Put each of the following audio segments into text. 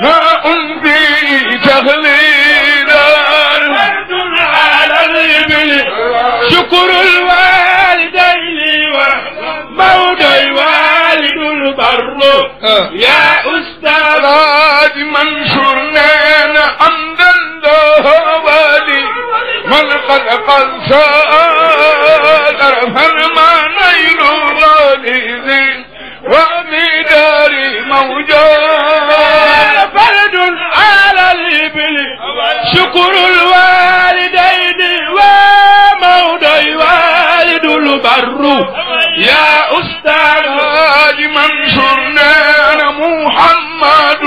ما أنبي تغليلا على الإبل شكر الوالدين مولى والد البر آه. يا أستاذ من شرنان أمد الله من قد قد سادر فما نيل والد وفي دار موجود شكر الوالدين وموضع والد البر يا أستاذ من أنا محمد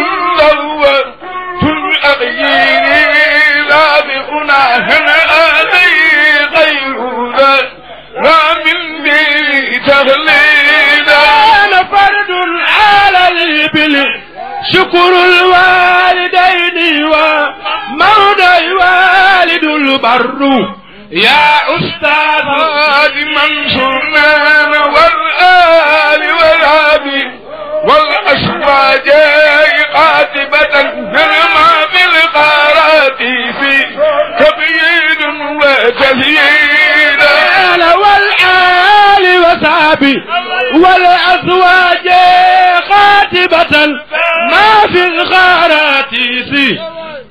في تلأغير لا بأناه علي غير ذا لا من بي تغليل البر يا أستاذ هادي منصورنا والآل والأبي والأشواج قاتبة نرمى بالغارات في تبييد وتزييد والآل وسابي والأزواج قاتبة ما في الغارات في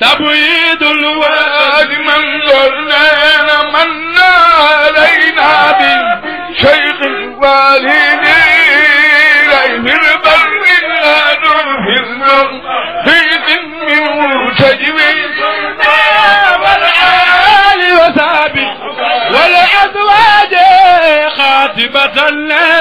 تبويد الواد من ذلنا من علينا شيخ الوالدين إليه البر الأدر في في ذم مرتجمين والآل وثابت والأزواج خاتمة لنا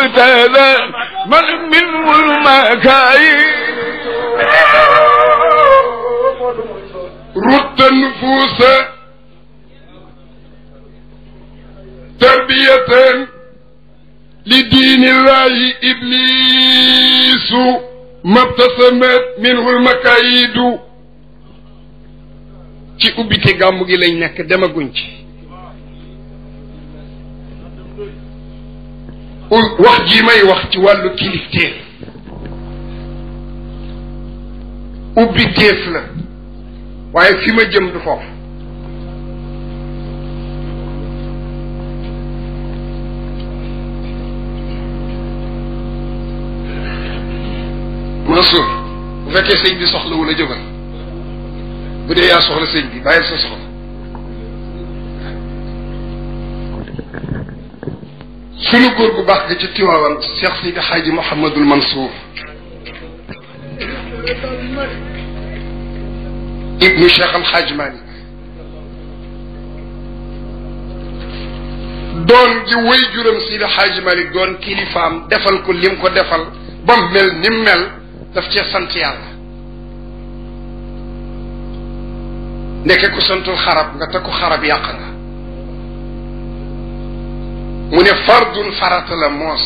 المرتدى من منه المكاين رد النفوس تربية لدين الله إبليس ما ابتسمت منه المكايد ci ubbite gàmmu gi lañ nekk demaguñ ci wax jii may wax ci wàllu kilifteef ubbi téef la waaye fi ma jëm du foofu Mansour bu fekkee sëñ bi soxla wu la jógal bu dee yaa soxla sëñ bi bàyyi sa soxla سونو غور بو باخ جي تيواوان شيخ سيد حاج محمد المنصور ابن شيخ الحاج مالك دون جي وي جورم سيد حاج مالك دون كليفام ديفال كو ليم كو ديفال بام ميل نيم ميل داف سي سانت يالا نيكو سانتو خراب نتا كو خراب ياقنا mu ne fardun farata la moos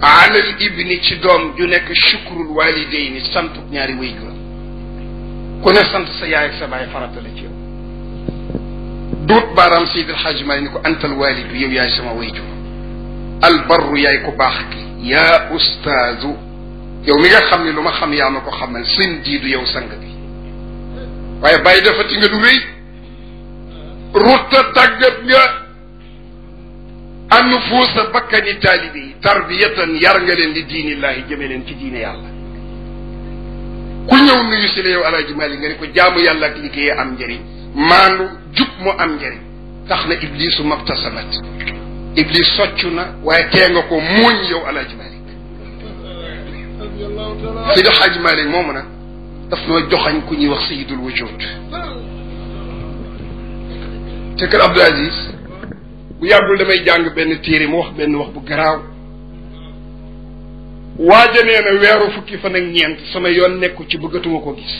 alal ibni ci doom ju nekk shukrul walidayni santu ñaari wayjuram ku ne sant sa yaay ak sa baay farata la ci yow duut baaraam Seydil Hadj Mali ni ko antal walidu yow yaay sama wayjur albarru yaay ku baax ki yaa ustaazu yow mi nga xam ne lu ma xam yaa ma ko xamal seen jiidu yow sang bi waaye bàyyi dafa ti nga du rëy rutta tàggat nga النفوس بكني تالبي تربية يرجل لدين الله جميل في دين الله كل يوم نيسلي على جمال غير كو جام يالا كليكي ام جري مانو جوك مو ام جري تخنا ابليس مقتسمت ابليس سوتشونا واي تيغاكو مون يو على جمال في الحاج مالك مومنا دافنا جوخاني كوني وخ سيد الوجود تكر عبد العزيز bu yàggul damay jàng benn téere mu wax benn wax bu garaaw waaja nee na weeru fukki fan ak ñeent sama yoon nekku ci bëggatuma ko gis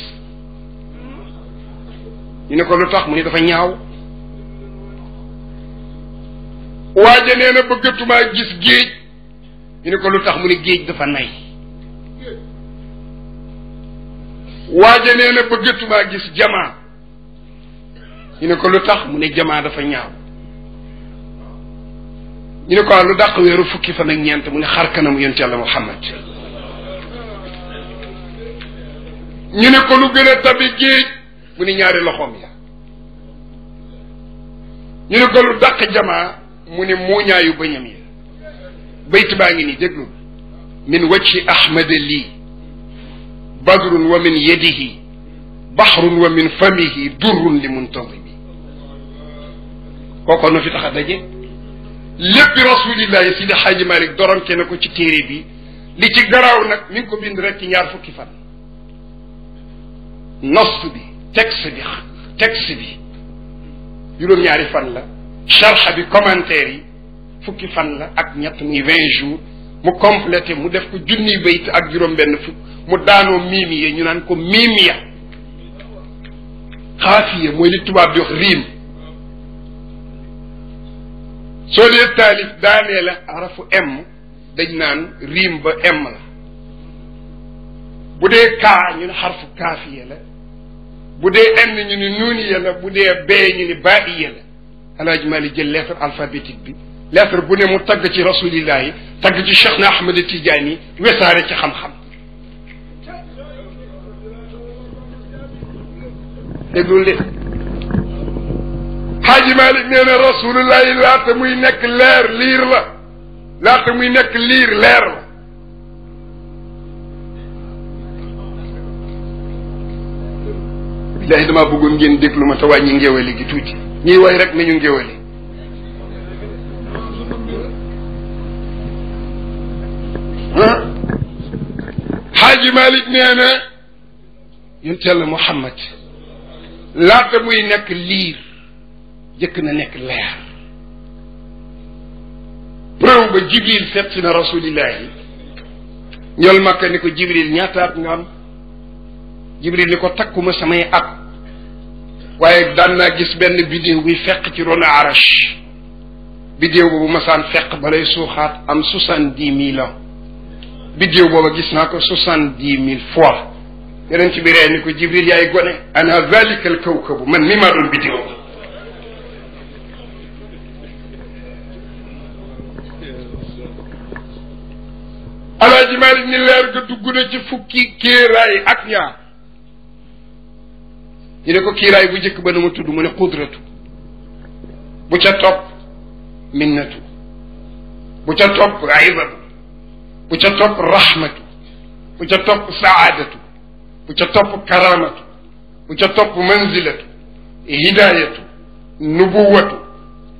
ñu ne ko lu tax mu ne dafa ñaaw waaja nee na bëggatumaa géej ñu ne ko mu ne géej dafa nay waaja nee na bëggatumaa gis jamaa ñu ne ko lu tax mu ne jamaa dafa ñaaw ñu ne ko ah lu dàq weeru fukki fan ak ñeent mu ne xar kanamu yonent yàlla Muhammad ñu ne ko a tabi mu ni ñaari loxoom ya ñu ne ko lu dàq jamaa mu ne muuñaayu bëñam ya bayt baa ngi ni déglu min wajhi ahmada lii badrun wa min yadihi bahrun wa min famihi durrun li muntasimi kooko nu fi tax daje léppi rasulillahi sidi xaaji malik doronte na ko ci téere bi li ci garaaw nag mi ngi ko bind rek ci ñaar fukki fan nas bi texte bi texte bi juróom-ñaari fan la charxa bi commentaire yi fukki fan la ak ñett muy vingt jours mu complété mu def ko junniy bayt ak juróom benn fukk mu daanoo miimiye ñu naan ko miimiya xaafiye mooy tubaab di wax riim soo dee taalif daanee la xarafu m dañ naan riim ba m bu dee kaa ñu ne xarfu kaafiya la bu de n ñu ni nuuniya bu dee bee ñu ni baa'iya la alaaj maali jël lettre alphabétique bi lettre bu ne mu tagg ci rasulillah yi tagg ci Cheikh na Ahmed Tidiane yi wesaare ci xam-xam déglul de xaaji Malick nee na rasulullahi laata muy nekk leer liir la laata muy nekk liir leer la billahi damaa bëggoon ngeen déglu ma te wàññi ngéwéli gi tuuti ñuy way rek nañu ngéwéli ah xaaji Malick nee na yonent Yàlla Muhammad laata muy nekk liir جك نك لير برو بجبريل سيتنا رسول الله نيول مكه نيكو جبريل نياتات نام جبريل نيكو تاكوما سماي اب واي دانا غيس بن فيديو وي فخ سي رونا عرش فيديو بوبو مسان فخ بالاي سوخات ام 70000 فيديو بوبو غيس نكو 70000 فوا يرنتي بي ري نيكو جبريل ياي غوني انا ذلك الكوكب من ميما دون فيديو ni leer ko kiiraay bu njëkk ba na ma tudd mu ne xudratu bu ca topp minnatu bu ca topp aybatu bu ca rahmatu bu ca topp saadatu bu ca topp karamatu bu ca topp manzilatu hidayatu nubuwatu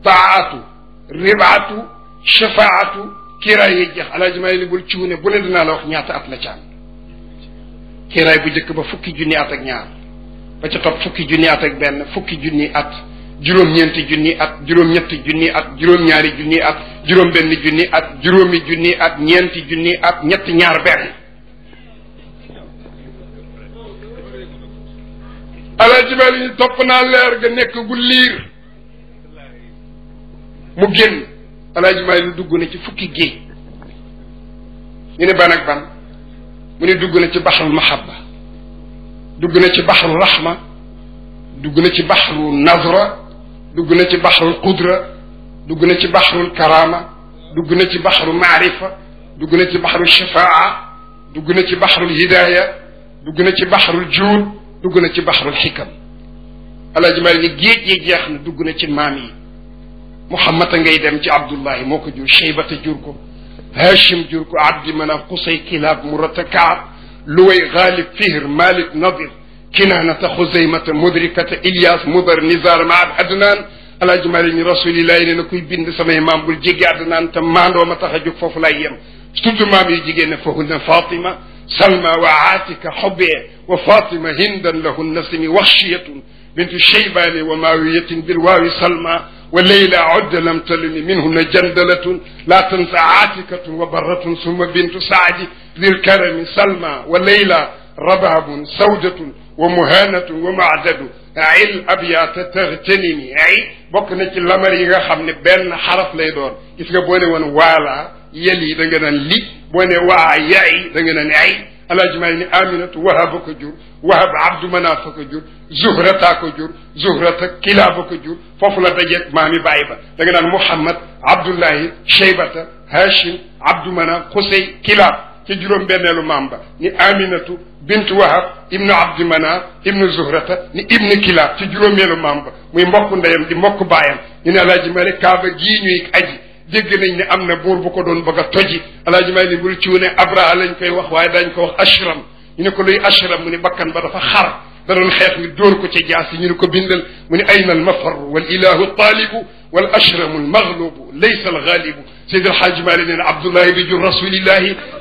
taatu ribaatu shafaatu kiiraay yi jeex alaaji may li bul cuune bu ne dinaa la wax ñaata at la caam kiiraay bu njëkk ba fukki junni at ak ñaar ba ca topp fukki junni at ak benn fukki junni at juróom-ñeenti junni at juróom-ñetti ñaari junni at juróom-benn junni at juróomi junni at ñeenti junni at ñetti ñaar benn alaaji may li topp naa leer ga nekk gu liir mu génn alaaji maay lu dugg na ci fukki géej ñu ne ban ak ban mu ne dugg na ci baxarul mahabba dugg na ci baxarul rahma dugg na ci baxarul nazra dugg na ci baxarul qudra dugg na ci baxarul karama dugg na ci baxarul maarifa dugg na ci baxarul shafaa dugg na ci baxarul hidaya dugg na ci baxarul juud dugg na ci baxarul xikam alaaji maay ne géej yi jeex na dugg na ci maam yi muhammad ngay dem ci abdullahi moo ko jur cheybata jur ko hashim jur ko abdi manaf qusay kilab murata kaab luway ghalib fihr malik nadir كنانة خزيمة مدركة إلياس مدر نزار مع عدنان على جمال رسول الله إن كوي بند سما إمام بول جيجي عدنان تمان وما تخجوك فوفلا يم ستود مام يجيجي نفهن فاطمة سلمى وعاتك حبي وفاطمة هندا لهن سمي وخشية بنت الشيبان وماوية بالواو سلمى وليلى عد لم تلن منهن جندلة لا تنسى عاتكة وبرة ثم بنت سعد ذي الكرم سلمى وليلى ربهب سودة ومهانة ومعدد عل أبيات تغتنني أي بك نتي لمر يغا خمن بن حرف لي دون gis nga boo يلي woon لي بوني yi يعي nga naan alaaj may ni aminatu wahaba ko jur wahab abdu manafa ko jur zuhrata ko jur zuhrata kilaba ko jur foofu la dajeeg maami bàyyi ba da nga naan muhammad abdullahi cheybata hashim abdu manaf xusey kilab ci juróom benneelu maam ba ni aminatu bint wahab ibnu abdu manaf ibnu zuhrata ni ibnu kilab ci juróomeelu maam ba muy mbokk ndeyam di mbokk baayam ñu ne alaaji ma ne kaaba gii ñuy aji dégg nañ ne am na buur bu ko doon bëgg a toji alaaji may li bul ciw ne abraha lañ koy wax waaye dañ ko wax ashram ñu ne ko luy ashram mu ne bakkan ba dafa xar da doon xeex ni dóor ko ca jaasi ñu ne ko bindal mu ne ayna al mafar wal ilahu taalibu wal ashramu almaglubu laysa al algalibu seyd al maali mali na abdullah bi jur rasulillah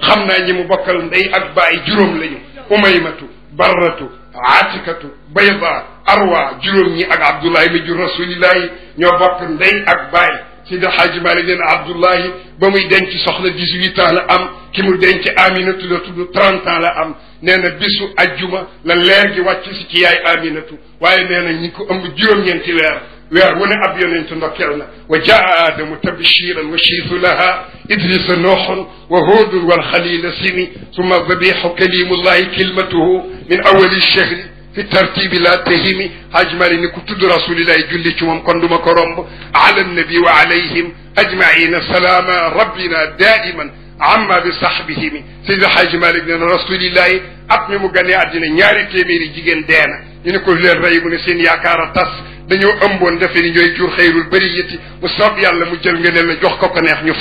xam naa ñi mu bokkal ndey ak baay juróom lañu umaymatu barratu atikatu bayda arwa juróom ñi ak abdullahi bi jur rasulillahi ñoo bokk ndey ak baay Seydi Hadji Malick nee na Abdoulaye ba muy denc soxna dix-huit ans la am ki mu denc Aminatu la tudd trente ans la am nee na bisu ajjuma la leer gi wàcc si ci yaay Aminatu waaye nee na ñi ko ëmb juróom-ñeenti weer weer wu ne ab yonent ndokkeel na wa jaa aadamu tabshiran wa shiitu laha idrisa nooxun wa huudun wal xalila sini summa dabiixu kalimullahi kilmatuhu min awali shahri في ترتيب لا تهمي أجمل نكتد رسول الله جل شمم قندما كرم على النبي وعليهم أجمعين سلاما ربنا دائما عما بصحبهم سيد حاج مالك بن رسول الله أقمي مغني أدنى نياري تيميري جيجن دينا ينكو لير ريب نسين ياكار تس دنيو أمبون دفن جوي جور خير البريتي وصابي الله مجل مجل مجل مجل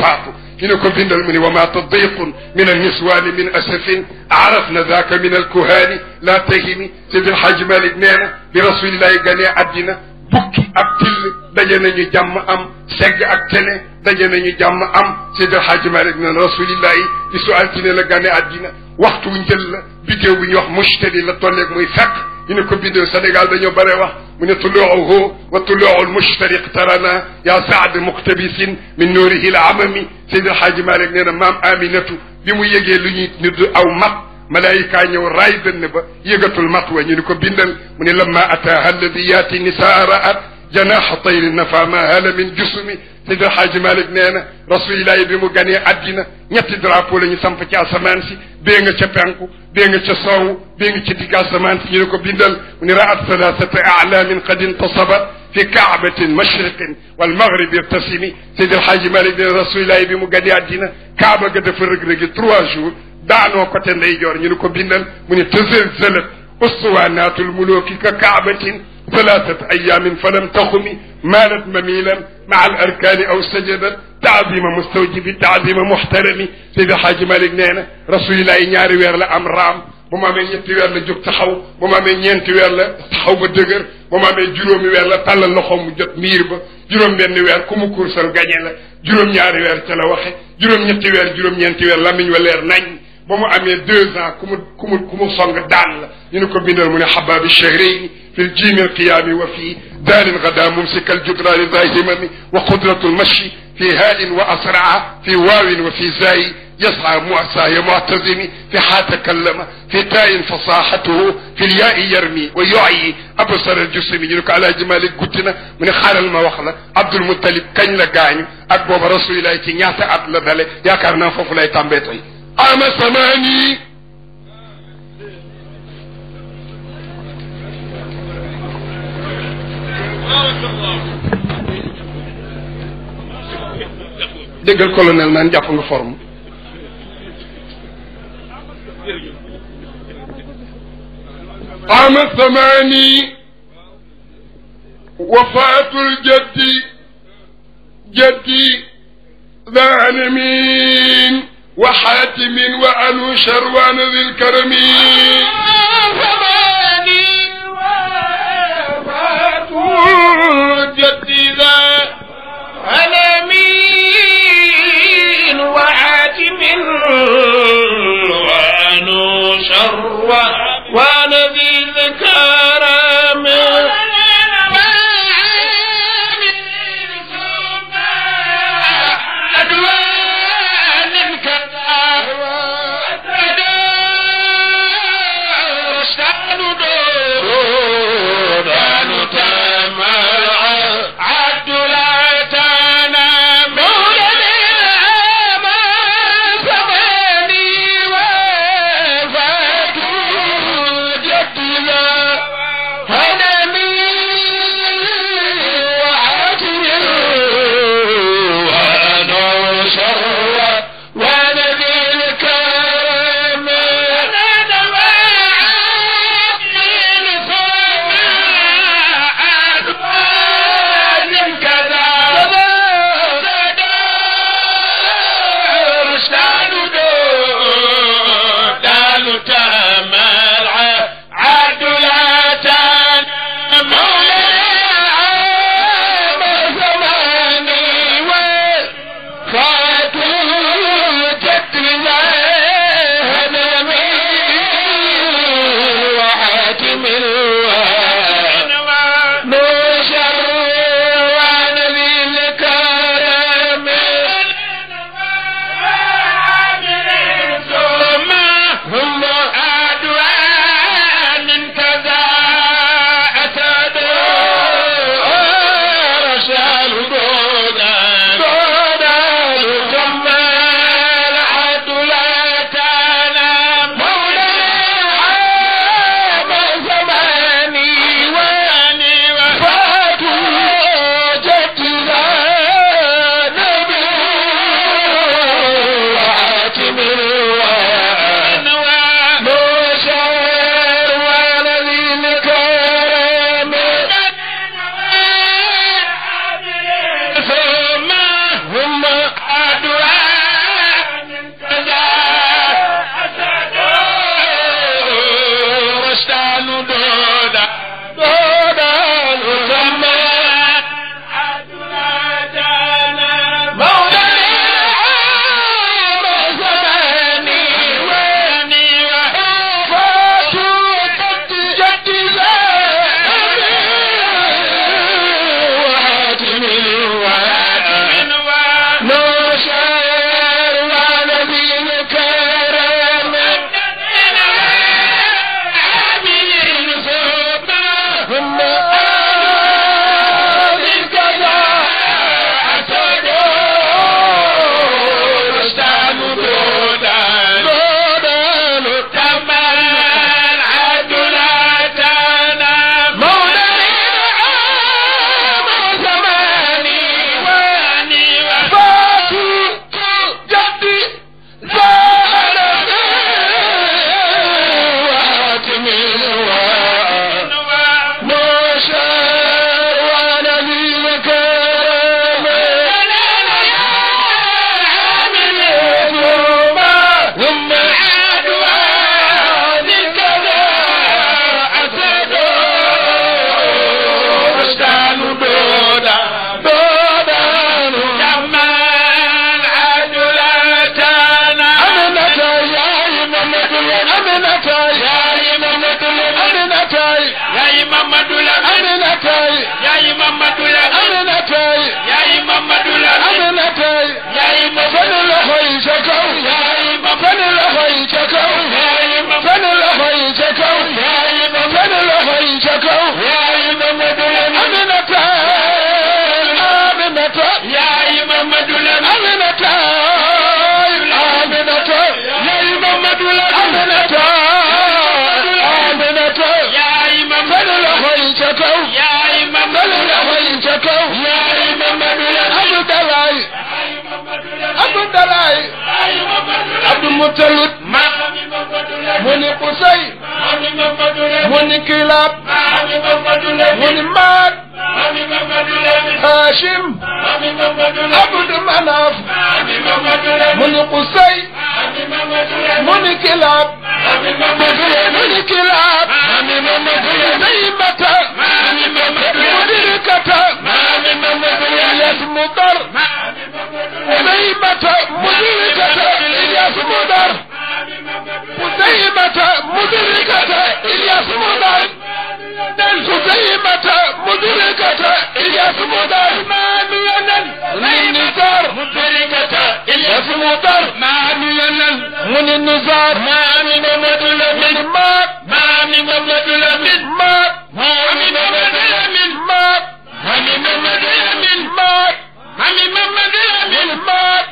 كنكم بين المن وما تضيق من النسوان من أسف عرفنا ذاك من الكهان لا تهمي سيد الحاج مالك نانا برسول الله غني عدنا بكي أبتل دجنا نجم أم سج أكتنا دجنا نجم أم سيد الحاج مالك نانا رسول الله بسؤالتنا لغني عدنا وقت ونجل بديو بنيوح مشتري لطولك ميثاق ينكم بين السنغال دنيو بريوه من طلوعه وطلوع المشتري اقترنا يا سعد مقتبس من نوره العمم سيد الحاج مالك نينا مام امينته بمو يجي لوني ند او مات ملايكا نيو راي با يغتو المات وني نكو بندل من لما اتاها الذي ياتي نساء رأت جناح طير نفى ما هل من جسمي Seydil Xaaji Malik nee na rasulilahi bi mu ganee àddina ñetti drapeau la ñu samp ci asamaan si bee nga ca penku bee nga ca soowu bee nga ca digg asamaan si ñu ne ko bindal mu ne raat thalathata a'lamin qad intasaba fi kaabatin mashriqin wal maghrib irtasimi Seydil Xaaji Malik nee na rasulilahi bi mu ganee àddina kaaba ga dafa rëg-rëgi trois jours daanoo côté ndeyjoor ñu ne ko bindal mu ne tazalzalat ustuwaanatul muluki ka kaabatin ثلاثة أيام فلم تخمي مالت مميلا مع الأركان أو سجدا تعظيم مستوجب تعظيم محترم سيد حاج مالك نانا رسول الله ينياري وير لأمرام بما من يتوير لجوك تحو وما من ينتوير لتحو بدقر بما من جروم وير لطل اللخوم جوت ميرب جروم بين وير كم كورسر غنيلا جروم ياري وير تلوخي جروم يتوير جروم ينتوير لمن ولير نين بما أمي دوزا كم كم كم صنغ دال ينكو بينا من حباب الشهرين في الجيم القيام وفي دال غدا ممسك الجدران ذا وقدرة المشي في هاء وأسرع في واو وفي زاي يسعى معسى معتزم في حا تكلم في تاء فصاحته في الياء يرمي ويعي أبصر الجسم ينك على جمال الجتنة من خال الموخلة عبد المطلب كان لقاني أكبر رسول الله تنياتي أبلا دالي يا كارنا فوفلا يتنبيتي أما سماني déggal colonel naan jàpp nga forme عام الثماني وفاة الجد جدي ذا علمين وحاتم وأنوشر وأنا ذي الكرمين وأنو شر وأنا بذكر mu ni kilaab mu ni maag haashim abdu manaaf mu ni qusay mu ni kilaab mu ni kilaab naymata mudirkata yasmudar naymata mudirkata yasmudar qusay مدركة مدركة إلياس مدرك ننسو فيمة مدركة إلياس مدرك ما ميونن من النزار مدركة إلياس مدرك ما ميونن من النزار ما من مدل من ما ما من مدل من ما ما من مدل من ما ما من مدل من ما ما من مدل من ما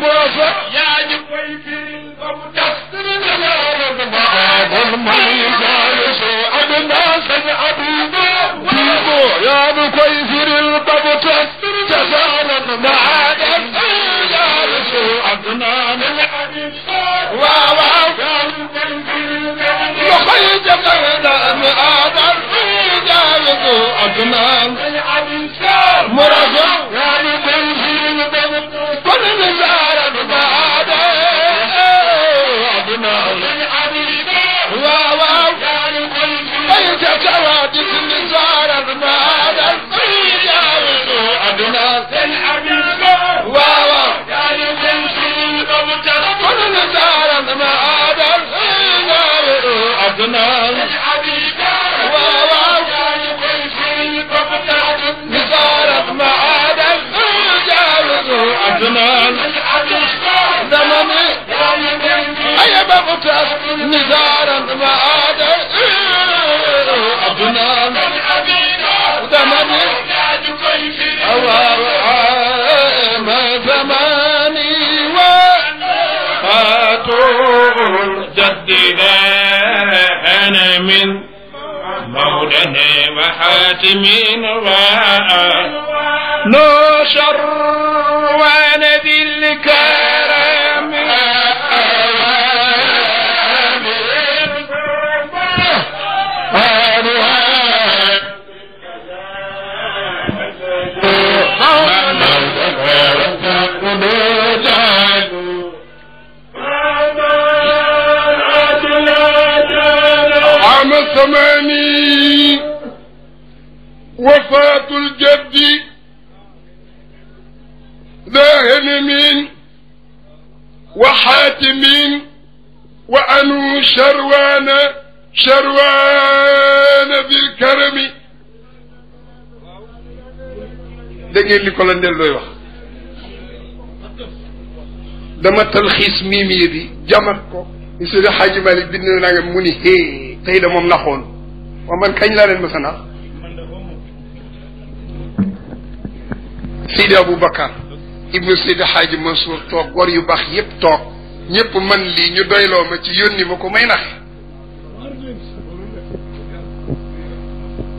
booba yaa ñu koy firil ba mu tas dina yaa la baabul may jaalisu adna sañ abuba boobo yaa ñu koy firil ba mu tas tasaalan maadan jaalisu adna min abib waaw waaw yaa ñu koy firil ba mu koy jamardan maadan jaalisu adna min abib murafa Nizam Amen. وفاة الجد ذاهن من وحاتم وأنو شروان شروان بالكرم دقيق لي كولان ديل لوي دما تلخيص ميمي دي جامات كو سيدي حاج مالك بن ناغي موني هي تاي دا موم نخون ومن كاج لا لين مسنا Seydi Aboubacar ibnu Seydi Xaaji Mansour toog gor yu baax yépp toog ñépp man lii ñu doyloo ma ci yónni ma ko may nax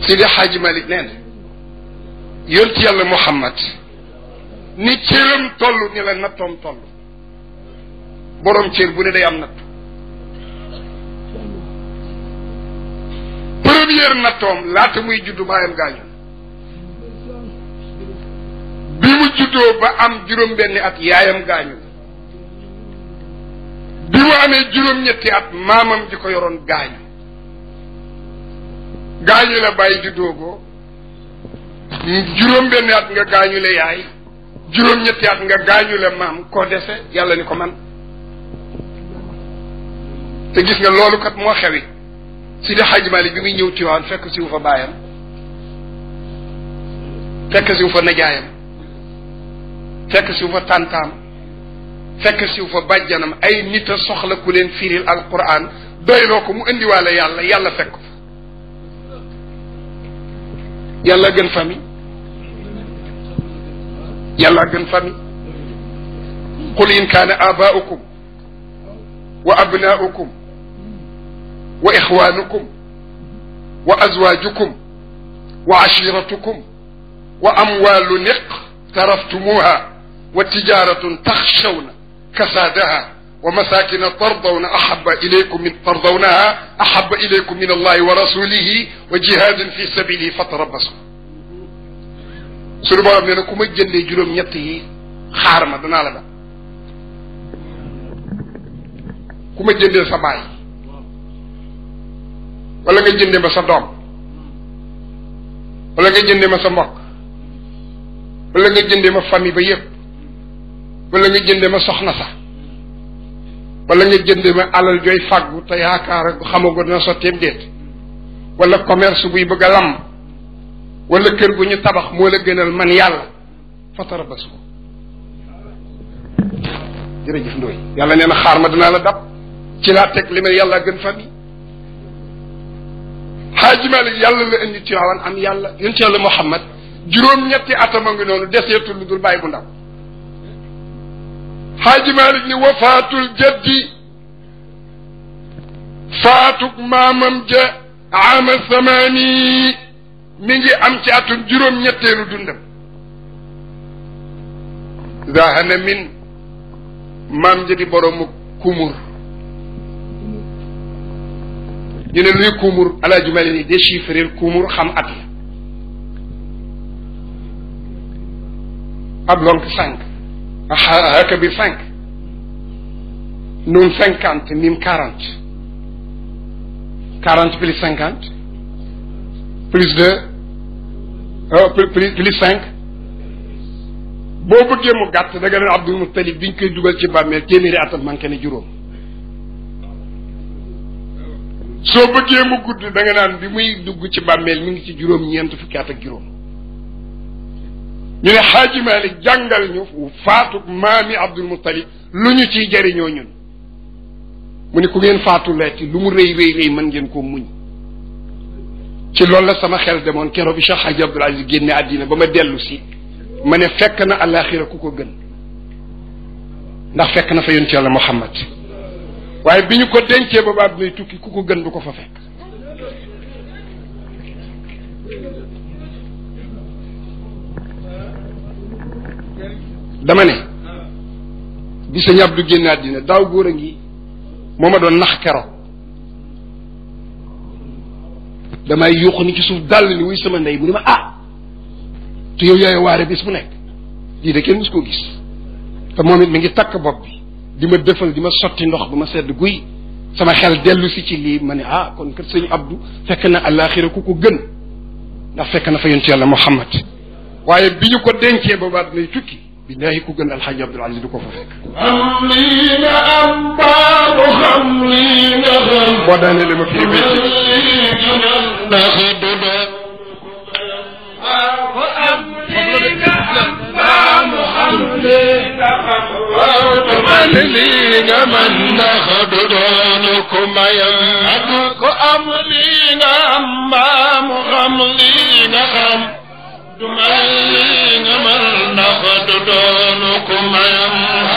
Seydi Xaaji Malik nee na yónni ci yàlla Muhammad ni cëram toll ni la nattoom toll boroom cër bu ne day am natt première nattoom laata muy juddu baayam gaañu juddoo ba am juróom-benni at yaayam gaañu bi mu amee juróom-ñetti at maamam ji ko yoroon gaañu gaañu la bàyyi juddoo ko juróom-benni at nga gaañu la yaay juróom-ñetti at nga gaañu la maam koo dese yàlla ni ko man te gis nga loolu kat moo xewi si di Xaj Maalik bi muy ñëw Tiwaawan fekk si wu fa baayam fekk si wu fa najaayam fekk siw fa tàntaam fekk siw fa bàjjanam ay nit a soxla ku leen firil alquran doyloo ko mu indiwaale yàlla yàlla fekk fa yàlla gën fami yàlla gën fami qul in kaana abaa'ukum wa abnaa'ukum wa ixwaanukum wa azwaajukum wa ashiratukum wa amwaalu niq taraftumuha وتجارة تخشون كسادها ومساكن ترضون أحب إليكم من ترضونها أحب إليكم من الله ورسوله وجهاد في سبيله فتربصوا سلوبا من لكم الجنة جلوم يطي خارما دنا لبا كم الجنة سماي ولا الجنة بس دوم ولا الجنة بس مك ولا الجنة بس فمي بيك wala nga jënde ma soxna sax wala nga jënde ma alal jooy fàggu te yaakaar ak xamago dina sotteem déet wala commerce buy bëgg a lam wala kër gu ñu tabax moo la gënal man yàlla fatara bas ko jërëjëf ndooy yàlla nee na xaar ma dinaa la dab ci laa teg li ma yàlla gën fan yi xaaji malik yàlla la indi tiwaawan am yàlla yonent yàlla muhammad juróom ñetti atama ngi noonu deseetul lu dul bàyyi bu ndaw حاج مالك ني وفات الجد فاتك مامم جا عام الثماني نيجي امتي اتون جيروم نيتيلو دوندم اذا انا من مام جدي بروم كومور ñu ne luy kumur ala ju mel ni déchiffrer kumur xam at la ab bi cinq Noun cinquante Mim quarante quarante plus cinquante plus deux ah plus cinq boo bëggee mu gàtt da nga ne Abdul Muttalib biñ koy dugal ci bàmmeel téeméeri atam manqué ne juróom soo bëggee mu gudd da nga naan bi muy dugg ci bàmmeel mu ngi ci juróom-ñeent fukki at ak juróom. ñu ne xaaji jàngal ñu faatu maami Abdul Muttalib lu ñu ciy jariñoo ñun mu ne ku ngeen faatu leeti lu mu rëy rëy rëy ngeen ko muñ ci loolu la sama xel demoon keroog bi Cheikh Hadji Abdoul Aziz génne àddina ba ma dellusi ma ne fekk na àllaaxira ku ko gën ndax fekk na fa yonent yàlla Muhammad waaye bi ñu ko dencee ba ba àddinay tukki ku ko gën du ko fa fekk dama ne bi sa ñab du génn àddina daaw góor a ngi moo ma doon nax kero damay yuuxu ni ci suuf dàll ni wuy sama ndey mu ni ma ah te yow yaay waare bis bu nekk lii de kenn mus koo gis te moom it mi ngi takk bopp bi di ma dëfal di ma sotti ndox ba ma sedd guy sama xel dellu si ci lii ma ne ah kon kat sëñ Abdou fekk na àllaaxira ku ko gën ndax fekk na fa yonent na Muhammad waye biñu ko dencee ba baat nay tukki bi billahi ku gën alxaaj abdul aziz du ko fa fek am lii nga am xam lii nga xam boo daanee li ma fii wécc du may nga mal ndax du doonu ku mayam